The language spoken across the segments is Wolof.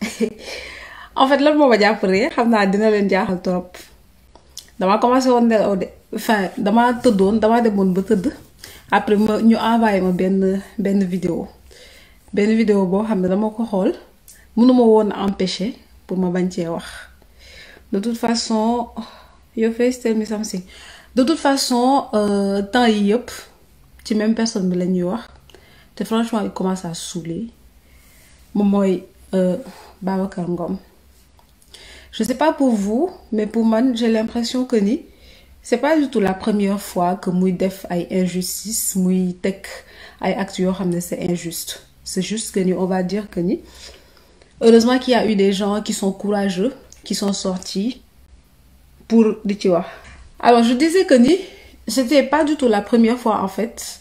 en fait lan moo ma jàppalee xam naa dina leen jaaxal trop damaa commencé woon nelaw de enfin damaa tëddoon damaa demoon ba tëdd après ma ñu envoyé ma benn benn vidéo benn vidéo boo xam ne dama ko xool mënuma woon empêcher pour ma bañ cee wax de toute façon your face tell euh, temps yi yëpp ci même personne bi la ñuy wax te franchement il commence à saouler moom mooy. Euh, Babacar Ngom je sais pas pour vous mais pour man j'ai l'impression que ni c'est pas du la première fois que muy def ay injustice muy teg ay actes yoo xam ne c'est injuste c'est juste que ni on va dire que ni heureusement qu'il y a eu des gens qui sont courageux qui sont sortis pour di ci wax alors je disais que ni c'était pas du tout la première fois en fait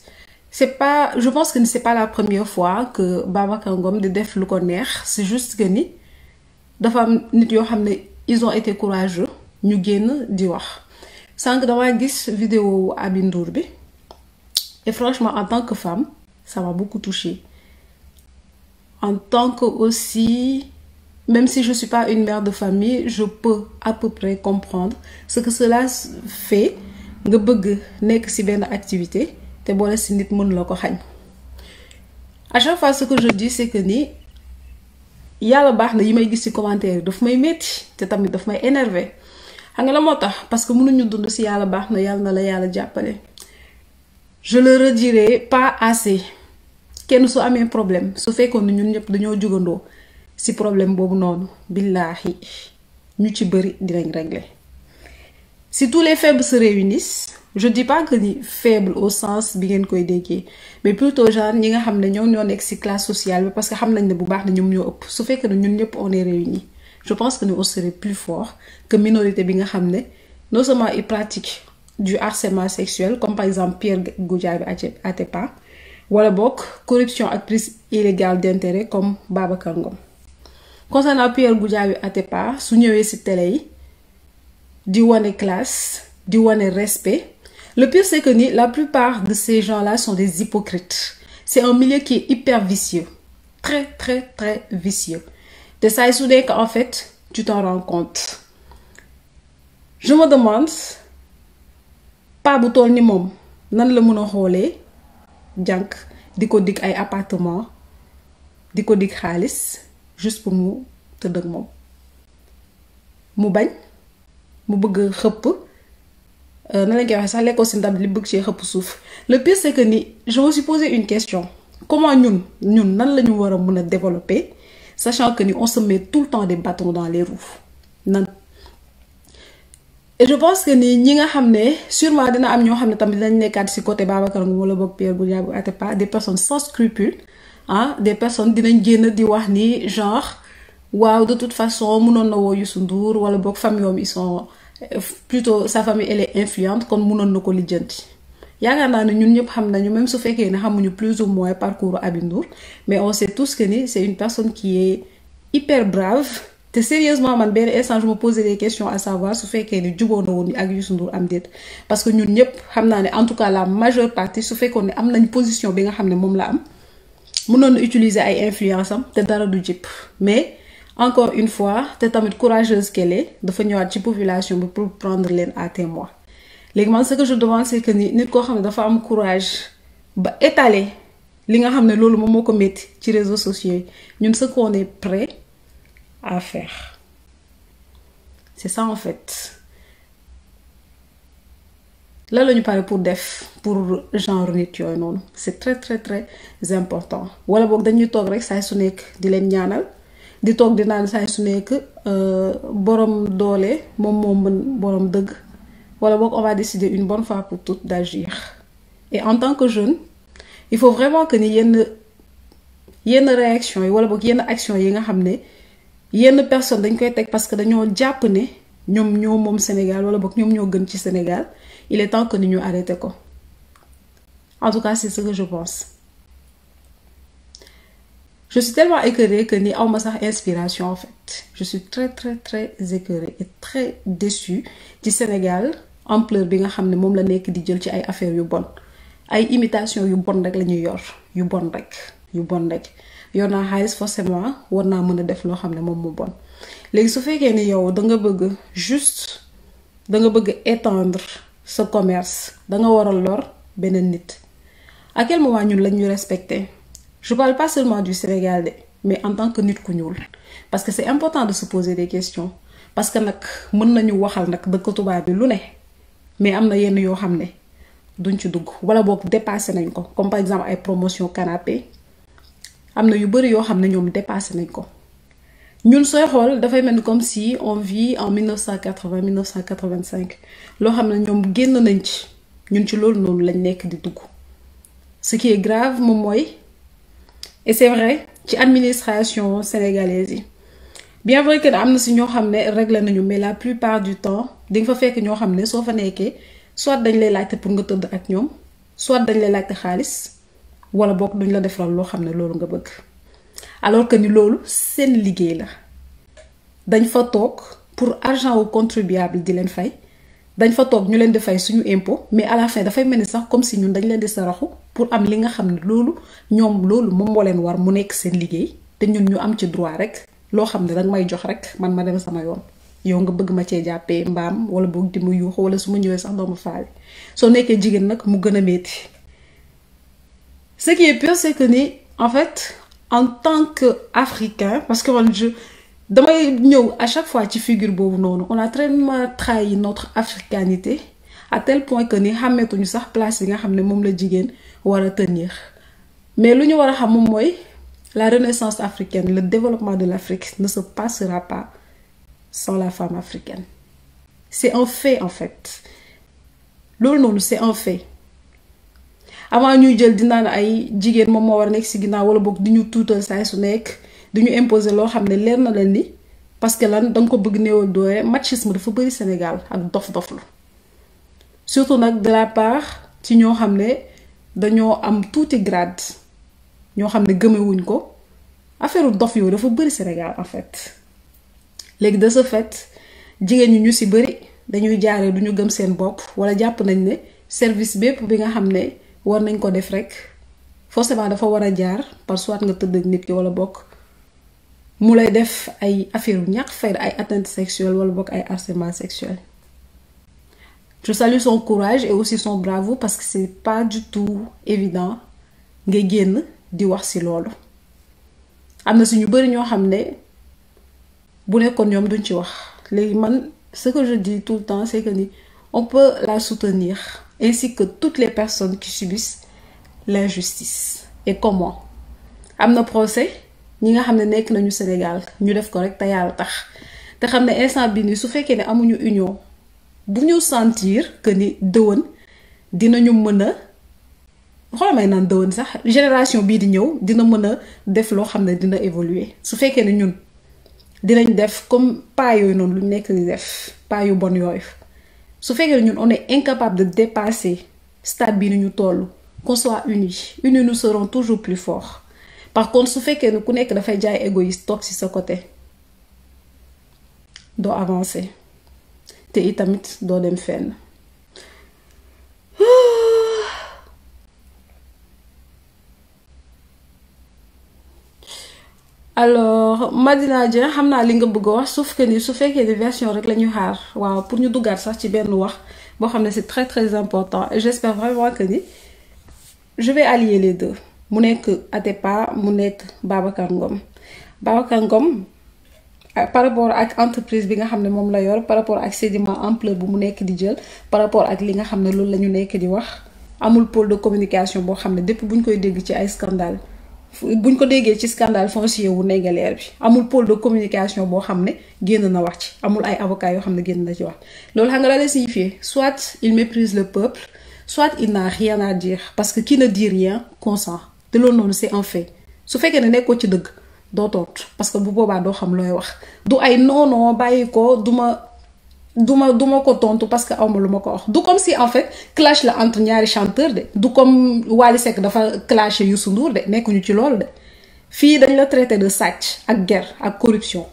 c'est pas je pense que c'est pas la première fois que Babacar Ngom di def lu ko neex c'est juste que ni dafa am nit yoo xam ne ils ont été courageux ñu génn di wax sànq damaa gis vidéo Aby Ndour bi et franchement en tant que femme ça m'a beaucoup touchée en tant que aussi même si je suis pas une mère de famille je peux à peu près comprendre ce que cela fait nga bëgg nekk ci benn activité te boole si nit mën la ko xañ à chaque fois ce que je dis c'est que yàlla baax na yi may gis ci commentaire yi dafa may metti te tamit dafa may énervé xam nga la moo tax parce que mënuñu dund si yàlla baax na yàlla na la yàlla jàppale. je le redirai pas assez kenn su amee problème su fekkoon ne ñun ñëpp dañoo jugandoo si problème boobu noonu billaahi ñu ci bëri dinañ régler si tous les faibles se réunissent. je dis pas que faible au sens bi ngeen koy déggee mais plutôt genre ñi nga xam ne ñoom ñoo nekk ci classe sociale bi parce que xam nañ ne bu baax ne ñoom ñoo ëpp su fekkee ne ñun ñëpp on est réunis je pense que nous on serait plus fort que minorité bi nga xam ne non seulement pratique pratiquent du harcèlement sexuel comme par exemple Pierre Goudiaby Atepa wala bokk corruption ak prise illégale d'intérêt comme Babacar Ngom concernant Pierre Goudiaby pas su ñëwee ci télé di wane classe di wane respect Le pire, c'est que ni la plupart de ces gens-là sont des hypocrites. C'est un milieu qui est hyper vicieux. Très, très, très vicieux. De ça est soudain qu'en fait, tu t'en rends Je me demande, pas bu toll ni moom nan la mën a xoolee jànq di ko dig ay appartement di ko dig xaalis juste pour mu tëdd ak moom mu bañ mu bëgg xëpp Euh, na lañ koy waxee sax lekkoo si ndab li bëgg cee xëpp suuf le pire c'est que ni je me suis une question comment ñun ñun nan la ñu war a mën a développer sa que ni on se tout le temps des bâtons dans les roues nan et je pense que ni ñi nga xam ne surement dina am ñoo xam ne tamit dinañ nekkaat si côté Babacar Ngom wala boog Pierre Goudiaby bu Atepa des personnes sans scrupule ah, des personnes dinañ génn di wax ni genre waaw de toute façon mënoon na woo Youssou Ndour wala boog famille ils plutôt sa famille elle est kon mënoon na ko lijjanti yaakaar naa ne ñun ñëpp xam nañu même su fekkee ne xamuñu plus ou moins parcours Aby Ndour mais on sait tous que ni c'est une personne qui est hyper brave te sérieusement man benn instant je me posais des questions savoir su fekkee ne juboo na woon ak Youssou Ndour am déet parce que ñun ñëpp xam naa ne en tout cas la majeure partie su fekkoon ne am nañ position bi nga xam ne moom la am mënoon na utiliser ay influence am te dara du jip mais. encore une fois te tamit courageuse qu'elle dafa ñëwaat ci population bi pour prendre leen à témoin léegi man ce que je demande c'est que ni nit koo xam ne dafa am courage ba étaler li nga xam ne loolu moom moo ko metti ci réseau sociaux yi ñun ce qu'on est prêt à faire c'est ça en fait lan la ñu pare pour def pour genre nit yooyu noonu c'est très très très important wala boog dañuy toog rek saa su nekk di leen ñaanal di toog di naan saay su nekk euh, borom doole moom moo mën borom dëgg wala boog on va une bonne fois pour toutes d'agir et en tant que jeune il faut vraiment que ni yenn yenn réaction yi wala boog yenn action yi nga xam ne yenn personne dañ koy teg parce que dañoo jàpp ne ñoom ñoo moom Sénégal wala book ñoom ñoo gën ci Sénégal il est temps que ni ñu arrêté ko en tout cas c'est ce que je pense je suis tellement écœurée kër ni awma sax inspiration en fait je suis très très très écœurée et très déçue ci Sénégal empleur bi nga xam ne moom la nekk di jël ci ay affaires yu bon ay imitation yu bon rek la ñuy yor yu bon rek yu bon rek yor naa xaalis forcément war naa mën a def loo xam ne moom mu bon léegi su fekkee ni yow da nga bëgg juste da nga bëgg étendre sa commerce da nga war a lor beneen nit à quel moment ñun lañ ñu respecté je parle pas seulement du Sénégal de mais en tant que nit ku ñuul parce que c'est important de se poser des questions parce que nag mën nañu waxal nag dëkk tubaab bi lu ne mais am na yenn yoo xam ne duñ ci dugg wala boog dépassé nañ ko comme par exemple ay promotion canapé am na yu bëri yoo xam ne ñoom dépassé nañ ko ñun sooy xool dafay mel ni comme si on vit en 1980 1985 loo xam ne ñoom génn nañ ci ñun ci loolu noonu lañ nekk di dugg ce qui est grave moom mooy. et c'est vrai ci administration sénégalaise yi bien vrai que am na si ñoo xam ne réglé nañu mais la plupart du temps di nga fa fekk ñoo xam ne soo fa nekkee soit dañ lay laajte pour nga tëdd ak ñoom soit dañ lay laajte xaalis wala bokk duñ la defaral loo xam ne loolu nga bëgg alors que ni loolu seen liggéey la dañ fa toog pour argent wu contribuable di leen fay. dañ fa toog ñu leen di fay suñu impôt mais à la dafay mel ni sax comme si ñun dañ leen di saraxu pour am li nga xam ne loolu ñoom loolu moom moo leen war mu nekk seen liggéey te ñun ñu am ci droit rek loo xam ne danga may jox rek man ma dem sama yoon yow nga bëgg ma cee jàppee mbaam wala boog di mu yuuxu wala su ma ñëwee sax doo ma faale soo nekkee jigéen nag mu gën a métti ce qui que ni en fait en tant que africain parce que man damay ñëw à chaque fois ci figure boobu noonu on a tellement trahi notre africanité à tel point que ni xàmmeetuñu sax place yi nga xam ne moom la jigéen war a tenir mais lu ñu war a xam moom mooy la renaissance africaine la développement de l'Afrique ne se passera pas sans la femme africaine c'est un fait en fait loolu noonu c'est un fait avant ñuy jël di naan ay jigéen moom moo war a nekk si ginnaaw wala boog di ñu tuutal saay su nekk du ñu imposer loo xam ne leer na leen ni parce que lan da ko bëgg néewal doole machisme dafa bëri Sénégal ak dof-dof la surtout nag de ci ñoo xam ne dañoo am tuuti grade ñoo xam ne gëmewuñ ko affaire dof yooyu dafa bëri Sénégal en fait léegi de ce fait jigéen ñi ñu si bëri dañuy jaaree du ñu gëm seen bopp wala jàpp nañ ne service bépp bi nga xam ne war nañ ko def rek forcément dafa war a jaar par soit nga tëdd ak nit ki wala bokk. mu lay def ay affaire ñàkk fay ay atteinte sexuelle wala bokk ay harcèlement sexuel je salue son courage et aussi son bravo parce que c'est pas du tout évident ngay génn di wax ci loolu am na si ñu bëri ñoo xam ne bu nekkoon ñoom duñ ci wax léegi man ce que je dis tout le temps c'est que ni on peut la soutenir ainsi que toutes les personnes qui subissent l'injustice et comment am na procès ñi nga xam ne nekk nañu Sénégal ñu def ko rek te yàlla tax te xam ne instant bi nii su fekkee ne amuñu union bu ñu sentir que ni dëwën dinañu mën a xoolal may naan dëwën sax génération bii di ñëw dina mën a def loo xam ne dina évoluer su fekkee ne ñun dinañ def comme pas yooyu noonu lu nekk di def pas yu bon yooyu su fekkee ne ñun on ne incapable de dépasser stade bii ni ñu toll qu'on soit uni unis nous toujours plus forts par kon su fekkee ne ku nekk dafay jaay égoïste toog ci sa côté doo avancer te itamit doo dem fenn alors Madina Dieng xam naa li nga bëgg a wax sauf que ni su fekkee ni version rek la ñu xaar waaw pour ñu duggaat sax ci benn wax boo xam ne c'est très très important et j'espère vraiment que ni je vais allier les deux mu nekk Atepa mu nekk Babacar Ngom Babacar Ngom ah, par rapport ak entreprise bi nga xam ne moom la yor par rapport ak sédiment ampleur bu mu nekk di jël par rapport ak li nga xam ne loolu la ñu nekk di wax amul pôle de communication boo xam ne depuis bu ñu koy dégg ci ay scandale buñ ko déggee ci scandale foncier wu Ndingler bi amul pôle de communication boo xam ne génn na wax ci amul ay avocats yoo xam ne génn na ci wax loolu xam nga la lay signifier soit il le peuple soit il n'a rien parce que qui ne dit rien consent te loolu noonu c'est un fait su fekkee ne nekkoo ci dëgg doo tontu parce que bu boobaa doo xam looy wax du ay non non bàyyi ko du ma du ma du ma ko tontu parce que awma lu ma ko wax du comme si en fait clash la entre ñaari chanteur de du comme Wally Seck dafa clashé Youssou Ndour de nekkuñu ci loolu de fii dañ la traité de sàcc ak guerre ak corruption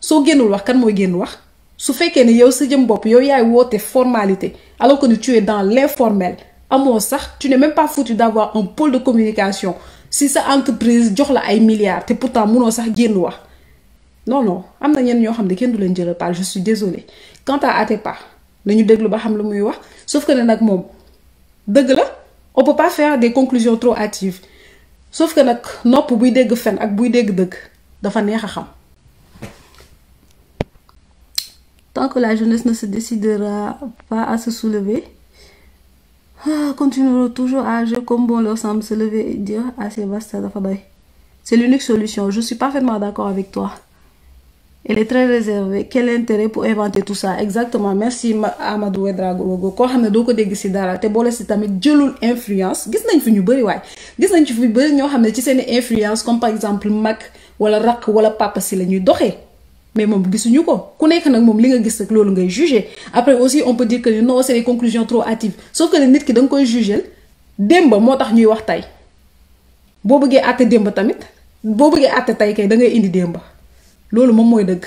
soo génnul wax kan mooy génn wax su fekkee ne yow sa jëm bopp yow yaay woote formalité alors que tu es dans l'informel amoo sax tu n'es même pas foutu d'avoir un pole de communication si sa entreprise jox la ay milliards te pourtant munoo sax génn wax non non am na ñenn ñoo xam ne kenn du leen jëlal par je suis désolée quant à Atepa nañu déglu ba xam lu muy wax sauf que ne nag moom dëgg la on peut pas faire des conclusions trop active sauf que nag nopp buy dégg fen ak buy dégg dëgg dafa neex a xam. tant que la jeunesse ne se décidera pas à se soulever. Ah, continueront toujours à agir comme bon leur semble se lever et dire assez basta dafa doy c'est l'unique solution je suis parfaitement d'accord avec toi elle est très réservée quel intérêt pour inventer tout ça exactement merci Amadou Wedra Gogo koo xam ne doo ko dégg si dara te boole si tamit jëlul influence gis nañ fi ñu bëri waaye gis nañ fi ñu bëri ñoo xam ne ci seeni influence comme par exemple mag wala rakk wala papa si la ñuy doxee mais moom gisuñu ko ku nekk nag moom li nga gis rek loolu ngay jugé après aussi on peut dire que non c'est des conclusions trop ki da koy jugé démb moo tax ñuy wax tey boo bëggee àtte démb tamit boo bëggee àtte tey kay da ngay indi démb loolu moom mooy dëgg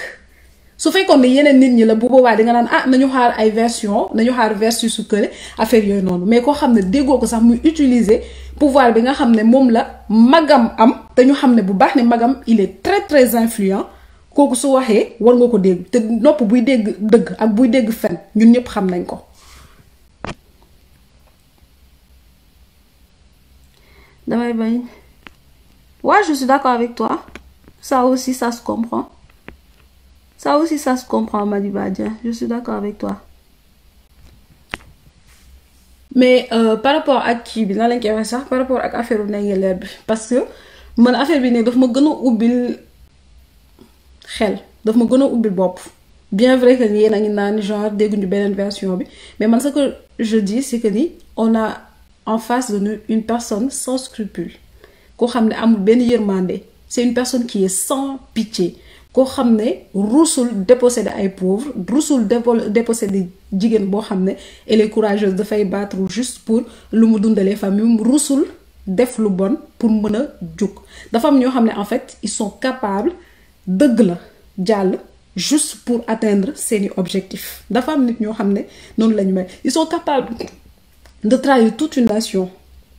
su fekkoon ne yeneen nit ñi la bu boobaa di nga naan ah nañu xaar ay version nañu xaar version su kële affaire yooyu noonu mais koo xam ne déggoo ko sax muy utiliser pouvoir bi nga xam ne moom la magam am te ñu xam ne bu baax ne magam il est très très influent kooku su waxee war nga ko dégg te nopp buy dégg dëgg ak buy dégg fen ñun ñëpp xam nañ ko damay bañ waaw je suis d'accord avec toi ça aussi ça se comprend ça aussi ça comprend Madiba Dieng d'accord avec toi mais euh, par rapport ak kii bi na lañ koy waxee sax par rapport ak affaire u Ndingler bi parce que man affaire bi ne daf ma gën a ubbil xel daf ma gën a ubbi bopp bien vrai que yéen a ngi naan genre dégguñu beneen version bi mais man ce que je dis c'est que ni on a en face de nous une personne sans scrupule koo xam ne amul benn yërmande c'est une personne qui est sans pitié koo xam ne rusul dépossédé ay pauvres rusul dépossédé jigéen boo xam ne elle les courageuse dafay battre juste pour lu mu dundalee famille rusul def lu bon pour mën a jug dafa am ñoo xam ne en fait ils sont capables dëgg la jàll juste pour atteindre seeni objectif dafa am nit ñoo xam ne noonu lañu may ils sont capables de trahir toute une nation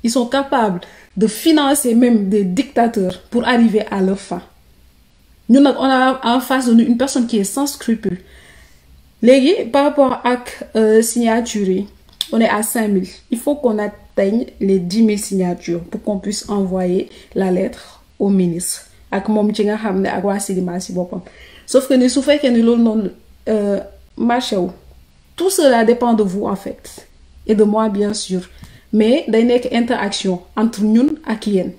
ils sont capables de financer même des dictateurs pour arriver à leur fin ñun nag on a en face de nous une personne qui est sans scrupule léegi par rapport ak euh, signature yi on est à 5000 il faut qu'on atteigne les 10 000 signatures pour qu'on puisse envoyer la lettre au ministre ak moom ci nga xam ne ak waa Silima si boppam sauf que ni su fekkee ni loolu noonu euh, marché wu tout cela dépend de vous en fait et de moi bien sûr mais day nekk interaction entre ñun ak yéen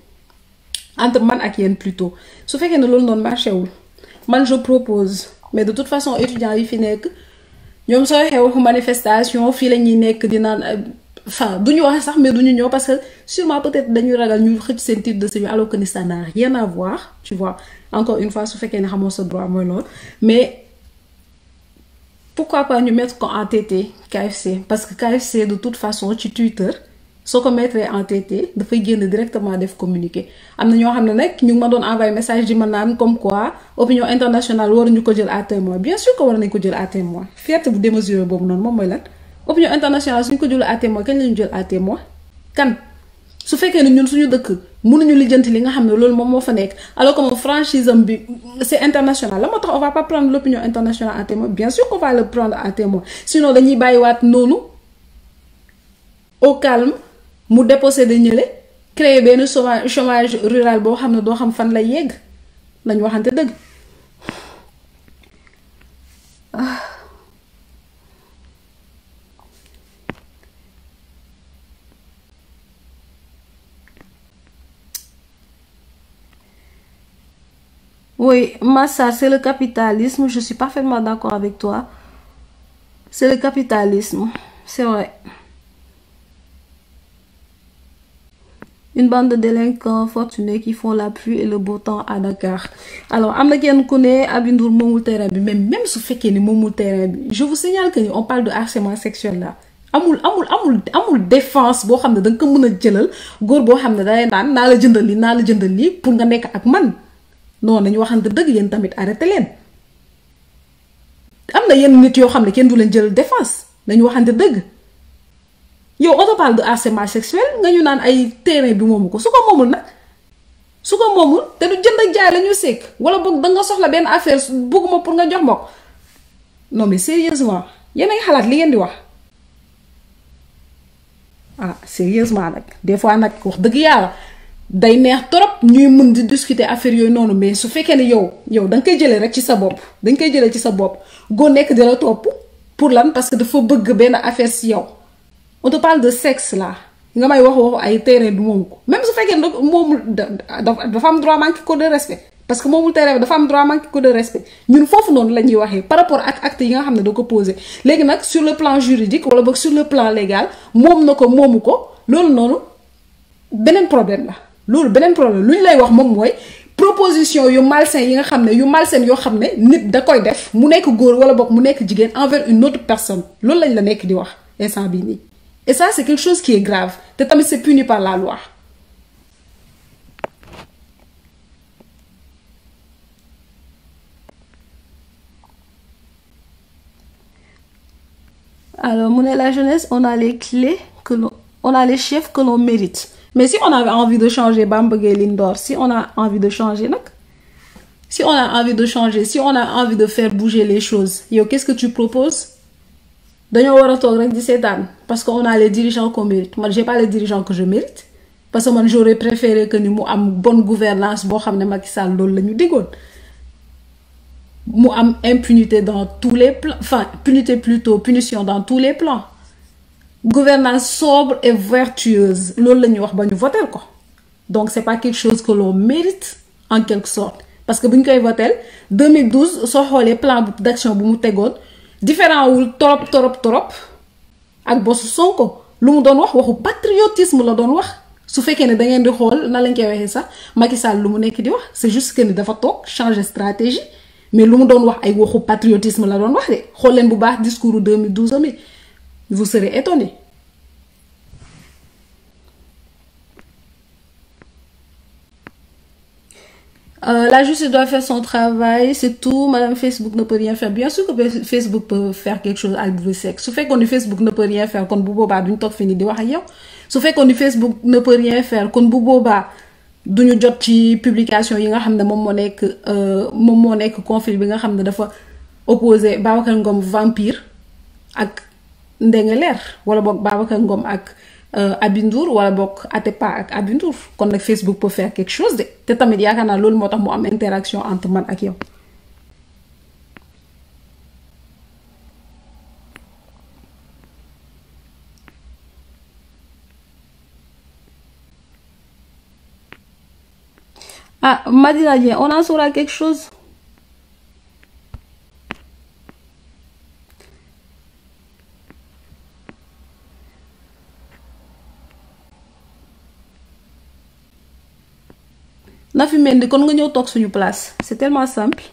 entre man ak yéen pluto su fekkee ne loolu noon marché wul man je propose mais de toute façon étudiants yi fi nekk ñoom sooy xew manifestation fii la ñuy nekk di naan. Euh, enfin du ñu wax sax mais du ñu ñëw parce que sûrement peut-être dañuy ragal ñu xëcc seen titre de séjour alors que n'a rien à voir tu vois encore une fois su fekkee ne xamoo sa droit mooy loolu mais pourquoi pas ñu mettre ko en TT KFC parce que KFC de toute façon ci Twitter soo ko mettre en TT dafay génn directement def communiqué am na ñoo xam ne nag ñu ngi ma doon envoyé message di ma naan comme quoi opinion internationale waruñu ko jël à témoin bien sûr que war nañ ko jël à témoin fierté boobu noonu moom mooy opinion internationale suñ ko jëlu à témoin kañ la ñu jël à kan su fekkee ne ñun suñu dëkk mun nañu lijjanti li nga xam ne loolu moom moo fa nekk alors que moom franchise bi c'est international la moo tax on va pas prendre l'opinion internationale à témoin bien sûr qu'on va le prendre à témoin sinon dañuy bàyyiwaat noonu au calme mu déposé de ñële créer benn chômage rural boo xam ne doo xam fan lay yegg lañ waxante dëgg. Ah. Oui, Massa, c'est le capitalisme. Je suis parfaitement d'accord avec toi. C'est le capitalisme. C'est vrai. une bande de délinquants fortunés qui font la pluie et le beau à Dakar alors am na kenn ku ne Aby Ndour moomul terrain bi mais même su fekkee ni moomul terrain bi je vous signale que ni on parle de harcèlement sexuel là amul amul amul défense boo xam ne da ko mën a jëlal góor boo xam ne da ngay naan naa la jëndal li naa la jëndal lii pour nga nekk ak man. non nañu waxante dëgg yéen tamit arrêté leen am na yenn nit yoo xam ne kenn du leen jël défense nañu waxante dëgg yow on te parle de sexuel nga ñu naan ay terrain bi moomu ko su ko moomul nag su ko moomul te du jënd ak jaay la ñu sekk wala boog da nga soxla benn affaire bugguma pour nga jox ma ko non mais sérieusement yéen xalaat li ngeen di wax ah sérieusement nag des fois nag wax dëgg yàlla. day neex trop ñuy mun di discuter affaire yooyu noonu mais su fekkee ne yow yow da nga koy jëlee rek ci sa bopp da nga koy jëlee ci sa bopp goo nekk di la topp pour lan parce que dafa bëgg benn affaire si yow on te parle de sexe là nga may wax waxu ay terrain du moom ko même su fekkee nag moomul dafa am droit man ko de respect parce que moomul terrain bi dafa am droit manqué ko de respect ñun foofu noonu la ñuy waxee par rapport ak acte yi nga xam ne da ko posé léegi nag sur le plan juridique wala boog sur le plan légal moom na ko moomu ko loolu noonu beneen problème la. loolu beneen problème lu ñu lay wax moom mooy proposition yu malsain yi nga xam ne yu malsain yoo xam ne nit da koy def mu nekk góor wala boog mu nekk jigéen envers une autre personne loolu lañ la nekk di wax instant bi nii et ça c'est quelque chose qui te tamit c'est puni par la ne la jeunesse on a les les chefs que l'on mérite. mais si on avait envie de changer ba mu bëggee ligne d'or si on a envie de changer nag si on a envie de changer si on a envie de faire bouger les choses yow qu'est-ce que tu proposes dañoo war a toog rek di seetaan parce que on a les dirigeants qu'on mérite man j'ai pas les dirigeants que je mérite parce que man j'aurais préféré que ni mu am bonne gouvernance boo xam ne Macky Sall loolu la ñu diggoon mu am impunité dans tous les plans enfin punité plutôt punition les plans gouvernance sobre et vertueuse loolu la ñuy wax ba ñu votel ko donc c'est pas quelque chose que l'on mérite en quelque sorte parce que bu ñu koy votel 2012 soo xoolee plan d'action bu mu tegoon différent wul trop trop trop ak bosu ko lu mu doon wax waxu patriotisme la doon wax su fekkee ne da ngeen di xool na lañ koy waxee sax Macky Sall lu mu nekk di wax c'est juste que ni dafa toog changer stratégie mais lu mu doon wax ay waxu patriotisme la doon wax xool leen bu baax discours 2012 ami Vous serez étonné. Euh, la justice doit faire son travail, c'est tout. Madame Facebook ne peut rien faire. Bien sûr que Facebook peut su fekkoon ni Facebook na peut rien faire kon bu boobaa duñ toog fii nii di wax ak yow su fekkoon ni Facebook ne peut rien faire kon bu boobaa du ñu jot ci publication yi nga xam ne moom moo nekk euh, moom moo nekk conflit bi nga xam ne dafa opposé Babacar Ngom Vampire ak Ndénge Leer wala boog Babacar Ngom ak euh, Aby Ndour wala boog Atepa ak Aby kon nag Facebook peut faire quelque chose de te tamit yaakaar naa loolu moo tax mu am interaction entre man ak yow. Ah, na fi mel ni kon nga ñëw toog suñu place c'est tellement simple.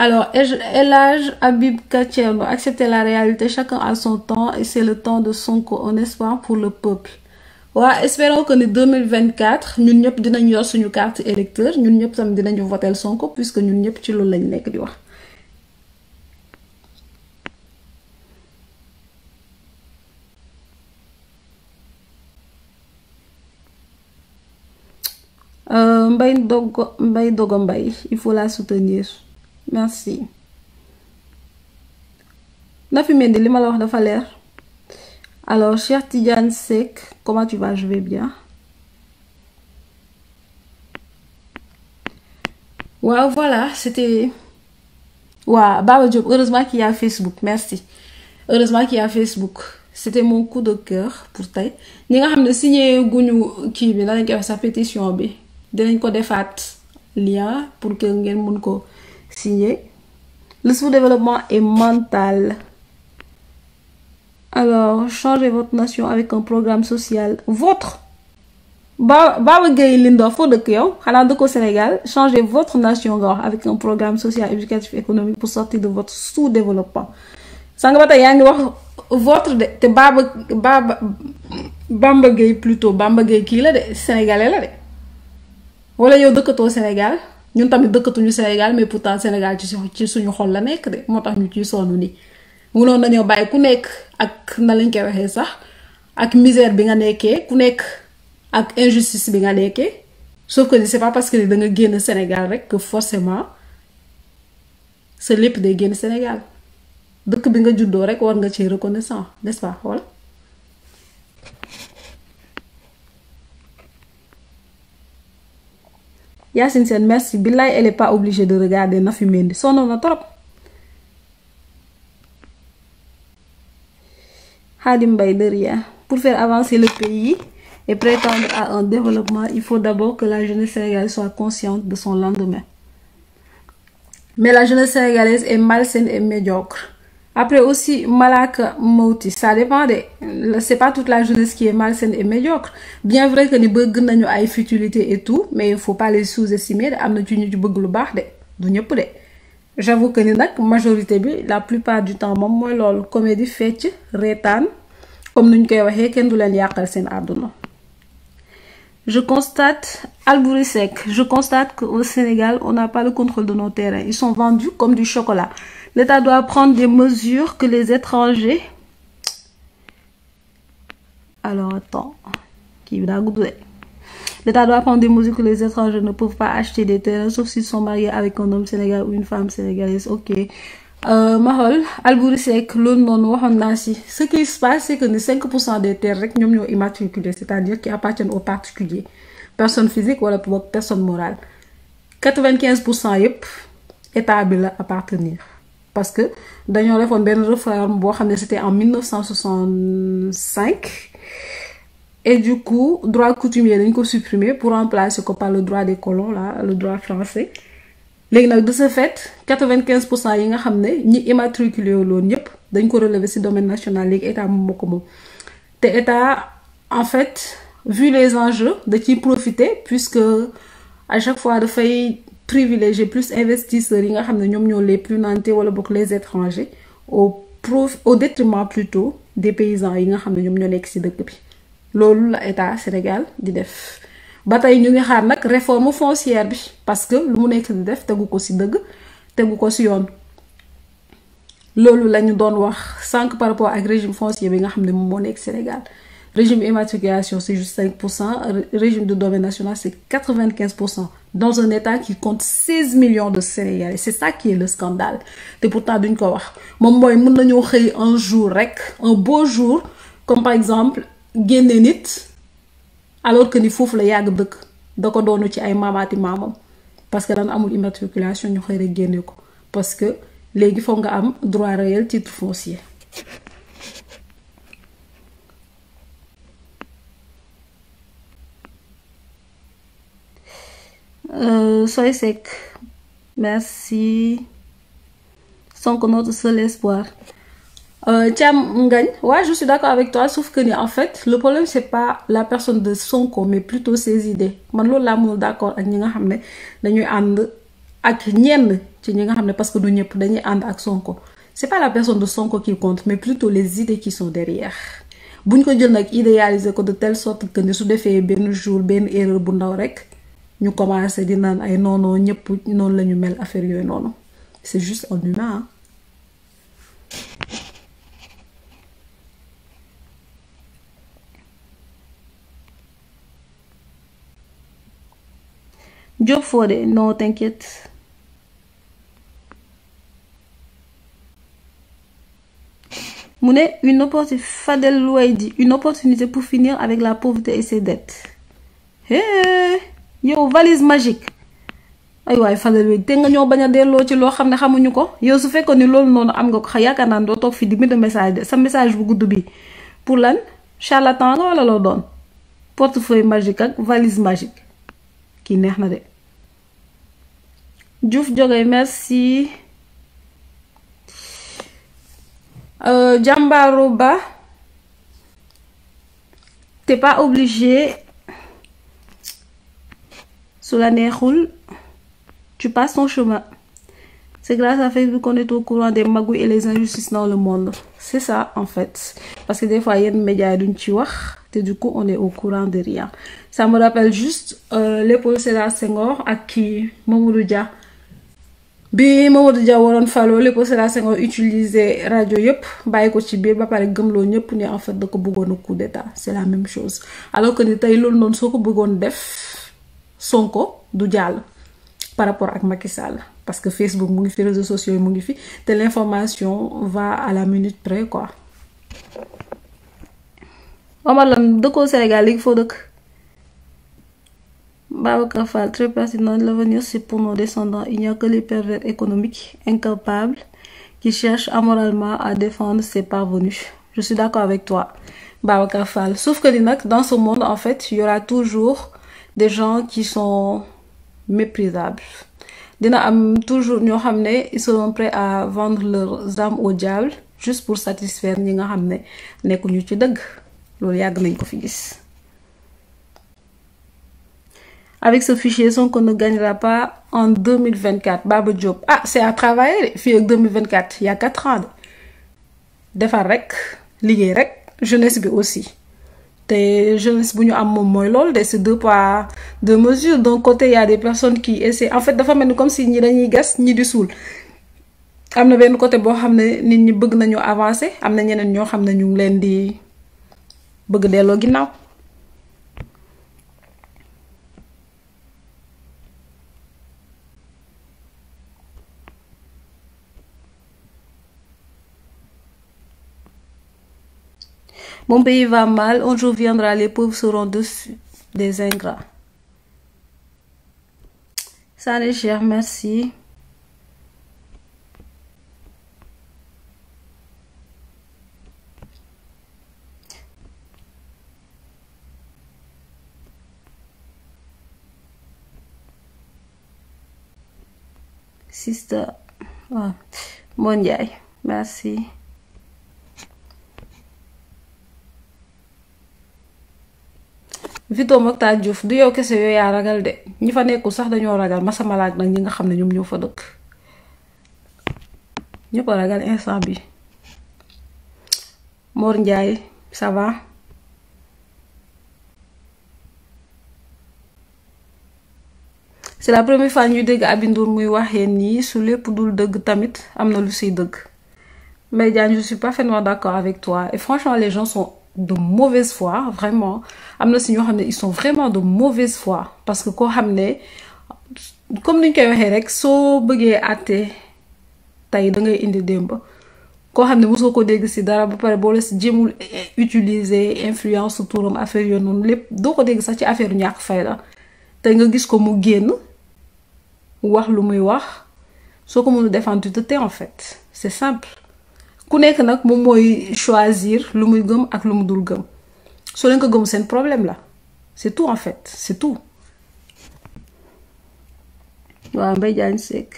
Alors, Elage Habib Kachem, accepter la réalité, chacun a son temps et c'est le temps de son co en espoir pour le peuple. Ouais, espérons que en 2024, nous n'avons pas de carte électeur, nous n'avons pas de voter son co puisque nous nekk di wax Mbay Dogo Mbay Dogo Mbay il faut la soutenir merci Nafi Mendy li ma la wax dafa leer alors cher Tidiane Seck comment tu vas bien. waaw voilà c'était waaw Baba Diop heureusement qu'il y a Facebook merci heureusement qu'il y Facebook c'était mon coup de cœur pour tey ñi nga xam ne signé guñu kii bi na lañ koy wax sa pétition bi. dinañ ko defaat lien pour que ngeen mun ko signer le sous-développement est mental alors changez votre nation avec un programme social votre Ba ba Gueye Lindor foo dëkk yow xanaa ko Sénégal changez votre nation nga wax avec un programme social éducatif économique pour sortir de votre sous-développement sànq ba tey yaa ngi wax votre de te Baba Baba Bamba Gueye plutôt Bamba Gueye kii la de sénégalais la de. wala yow dëkkatoo Sénégal ñun tamit dëkkatuñu Sénégal mais pourtant Sénégal ci ci suñu xol la nekk de moo tax ñu ciy sonn nii munoon nañoo bàyyi ku nekk ak na lañ koy waxee sax ak misère bi nga nekkee ku nekk ak injustice bi nga nekkee sauf que ni c'est parce que ni da nga génn Sénégal rek que forcément sa lépp day génn Sénégal dëkk bi nga juddoo rek war nga ci reconnaissant n'est-ce pas xool Yacine Sène merci billaay elle est pas obligée de regarder Nafi Mendy sonn na trop. Khadim Mbaye de pour faire avancer le pays et prétendre à un développement il faut d'abord que la jeunesse sénégalaise soit consciente de son lendemain mais la jeunesse sénégalaise est malsaine et médiocre après aussi malaaka mawti ça dépend de c'est pas toute la jeunesse qui est malsaine et médiocre bien vrai que ni bëgg nañu ay futilité et tout mais il faut pas sous-estimer de am na ci ñu ci bëgg lu baax de du ñëpp de j'avoue que ni nag majorité bi la plupart du temps moom mooy loolu comédie fecc reetaan comme ñu koy waxee kenn du leen yàqal seen àdduna je constate Albouri Seck je constate que au Sénégal on n'a pas le contrôle de nos terrains ils sont L'État doit prendre des mesures que les étrangers. Alors, attends. L'État doit prendre des mesures que les étrangers ne peuvent pas acheter des terres, sauf s'ils sont mariés avec un homme sénégal ou une femme sénégalaise. Ok. Euh, ma xool Alboury Seck loolu noonu waxoon naa si ce qui se passe c'est que ni 5 pour cent des terres rek ñoom ñoo immatriculé c'est-à-dire qui appartiennent aux particuliers personne physique wala personne morale 95 pour cent yëpp état bi la appartenir. parce que dañoo defoon benn réforme boo xam ne c'était en 1965 et du coup droit coutumier dañ ko supprimer pour remplacer ko par le droit des colons là le droit français léegi nag de ce fait 95 pour cent yi nga xam ne ñi immatriculé loon ñëpp dañ ko relever ci domaine national léegi état moom moo ko moom te état en fait vu les enjeux da ci profiter puisque à chaque fois dafay. privilégier plus investisseurs yi nga xam ne ñoom ñoo les plus nantais wala bokk les étrangers au prof au détriment plutôt des paysans yi nga xam ne ñoom ñoo nekk ci dëkk bi loolu la état Sénégal di def ba tey ñu ngi xaar nag réforme foncière bi parce que lu mu nekk di def tegu ko ci dëgg tegu ko ci yoon loolu lañu doon wax sànq par rapport ak régime foncier bi nga xam ne moom moo nekk Sénégal Régime immatriculation, c'est juste 5%. Régime de domaine national, c'est 95%. Dans un État qui compte 16 millions de Sénégalais. C'est ça qui est le scandale. Et pourtant, d'une ko wax. moom moy mën nañu xey un jour rek, un beau jour, comme par exemple, génne nit alors que ni foofu la yàgg dëkk. Da ko doonu ci ay mamati mamam. Parce que dañ amul immatriculation ñu xey rek génné ko parce que léegi fo nga am droit réel titre foncier. Euh, soyez sec. Merci. Sans que notre seul espoir. Euh, Tiam Ngagne, ouais, je suis d'accord avec toi, sauf que en fait, le problème c'est pas la personne de Sonko, mais plutôt ses Man loolu laa mënul d'accord ñi nga xam ne dañuy ànd ak ñenn ci ñi nga xam ne parce que du ñëpp dañuy ànd ak Sonko. c'est pas la personne de Sonko qui compte, mais plutôt les idées qui sont derrière. buñ ko jël nag idéaliser ko de telle sort que ne su defee benn jour benn erreur bu ndaw rek. ñu commencé di naan ay noonoo ñëpp noonu la ñu mel affaire yooyu noonu c'est juste un humain Diop Fodé non t'inquiète mu ne une opportunité Fadel Louaïdi une opportunité pour finir avec la pauvreté et ses dettes hey yow valise magique ay waay Fadel bi te nga ñoo bañ a delloo ci loo xam ne xamuñu ko yow su fekkoon ni loolu noonu am nga ko xa yaakaar naa doo toog fii di bind message de sa message bu gudd bi pour lan charlatan nga wala loo doon portefeuille magique ak valise magique kii neex na de Diouf jóge merci euh, jàmbaaru ba t'es pas obligé su la neexul tu passes ton chemin c'est grâce à Facebook qu'on est au courant des magouilles et les injustices dans le monde c'est ça en fait parce que des fois yenn médias yi duñ ci wax te du coup on est au courant de rien ça me rappelle juste euh, Léopold Sédar ak kii Mamadou Dia bi Mamadou Dia waroon faloo Léopold Sédar Senghor utiliser rajo yëpp bàyyi ko ci biir ba pare gëmloo ñëpp ne en fait da ko bëggoon a coup d'état c'est la même chose alors que ni tey loolu bëggoon def Sonko du jàll par rapport ak Macky parce que Facebook mu ngi fi réseaux sociaux yi mu ngi fi te l'information va à la minute près quoi. Omar Lam dëkkoo Sénégal léegi foo dëkk Babacar Fall très pertinent l'avenir c'est pour nos descendants il n'y a que les pervers qui cherchent amoralement à défendre ses parvenus je suis d'accord avec toi Babacar Fall sauf que li nag dans ce monde en fait il toujours de gens qui son méprisables dina am toujours ñoo xam ne ils seront prêts à vendre leurs âmes au diable juste pour satisfaire ñi nga xam ne nekkuñu ci dëgg loolu yàgg nañ ko fi gis avec ce fichier Sonko ne gagnera pas en 2024 Baba Diop ah c'est à travailler fii ak 2024 il y a quatre defar rek liggéey rek jeunesse bi aussi te jeunesse bu ñu am moom mooy lool de c'est deux pois deux mesures d'un côté y a des personnes qui essaient en fait dafa mel ni comme si ñi dañuy gas ñi di suul am na benn côté boo xam ne nit ñi bëgg nañu avancer am na ñeneen ñoo xam ne ñu ngi leen di bëgg delloo ginnaaw. Mon pays va mal, un jour viendra, les pauvres seront dessus des ingrats. Ça les cher, merci. Sister, ah, Vito ak Tade du yow kese yow yaa ragal de ñi fa nekkul sax dañoo ragal ma sama masamalaak nag ñi nga xam ne ñoom ñu fa dëkk ñëpp a ragal instant bi Mor Ndiaye ça va c'est la première fois ñuy dëgg Aby Ndour muy wax nii su lépp dul dëgg tamit am na lu siy dëgg mais Diagne je suis parfaitement d'accord avec toi et franchement les gens de mauvaise fois vraiment am na si ñoo xam ne ils sont vraiment de mauvaise fois parce que koo xam ne comme ni ñu koy waxee rek soo bëggee àtte tey da ngay indi démb koo xam ne mosoo ko dégg si dara ba pare boole la si jéemul utiliser influence su turam affaire yoon noonu lépp doo ko dégg sax ci affaire ñàkk fay la te nga gis ko mu génn wax lu muy wax soo ko mënul défendre tu te en fait c'est simple. ku nekk nag moom mooy choisir lu muy gëm ak lu mu dul gëm soo leen ko gëm seen problème la c'est tout en fait c'est tout. waaw Mbaye Diagne Seck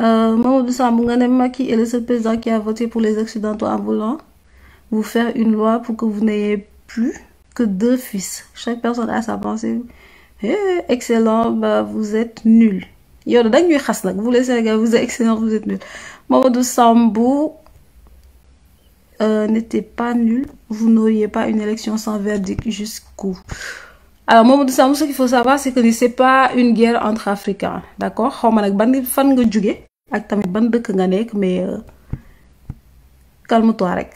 euh, Mamadou Samb nga ne Macky est le seul président qui a voté pour les accidents ambulants. vous faire une loi pour que vous n'ayez plus que deux fils. Chaque personne a sa pensée. Eh, excellent, bah, vous êtes nul. yow dañuy xas nag vous les Sénégalais vous êtes excellent vous êtes nul Mamadou Sambou euh, n'était pas nul vous n'auriez pas une élection sans verdict jusqu'où alors Mamadou Sambou ce qu'il faut savoir c'est que ni c'est pas une guerre entre africains d'accord xaw ma nag ban fan nga jóge ak tamit ban dëkk nga nekk mais euh, calme-toi rek.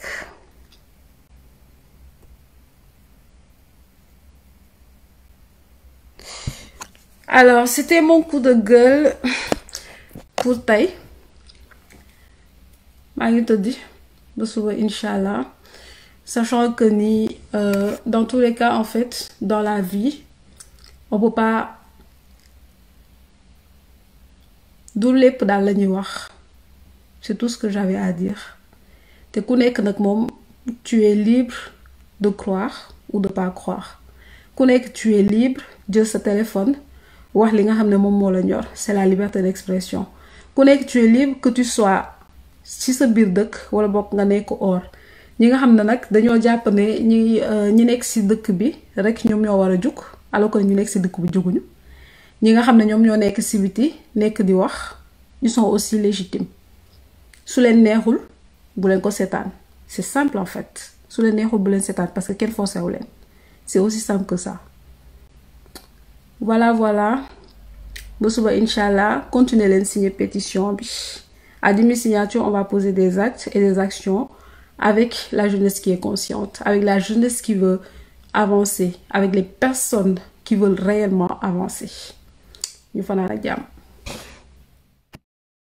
alors c'était mon coup de gueule pour tey maa ngi tëddi ba suba incha allah sachant que ni euh, dans tous les cas en fait dans la vie on peut pas du lépp daal la ñuy wax c'est tout ce que j'avais à dire te ku nekk nag moom tu libre de croire ou de pas croire ku nekk tu es libre jël sa téléphone wax li nga xam ne moom moo la ñor c'est la liberté d'expression ku nekk tu es libre que tu sois ci sa biir dëkk wala bokk nga nekk or ñi nga xam ne nag dañoo jàpp ne ñi euh, ñi nekk ci dëkk bi rek ñoom ñoo war a jug alors que ñu nekk ci dëkk bu juguñu ñi nga xam ne ñoom ñoo nekk ci biti nekk di wax ils sont aussi légitimes su leen neexul bu leen ko seetaan c'est simple en fait su leen neexul bu leen seetaan parce que kenn forcé wu leen c'est aussi simple que voilà voilà ba suba incha allah continuer leen signer pétition bi à demi-signature on va poser des actes et des actions avec la jeunesse qui est consciente la jeunesse qui veut avancer avec les personnes qui veulent réellement avancer ñu fanaan jàmm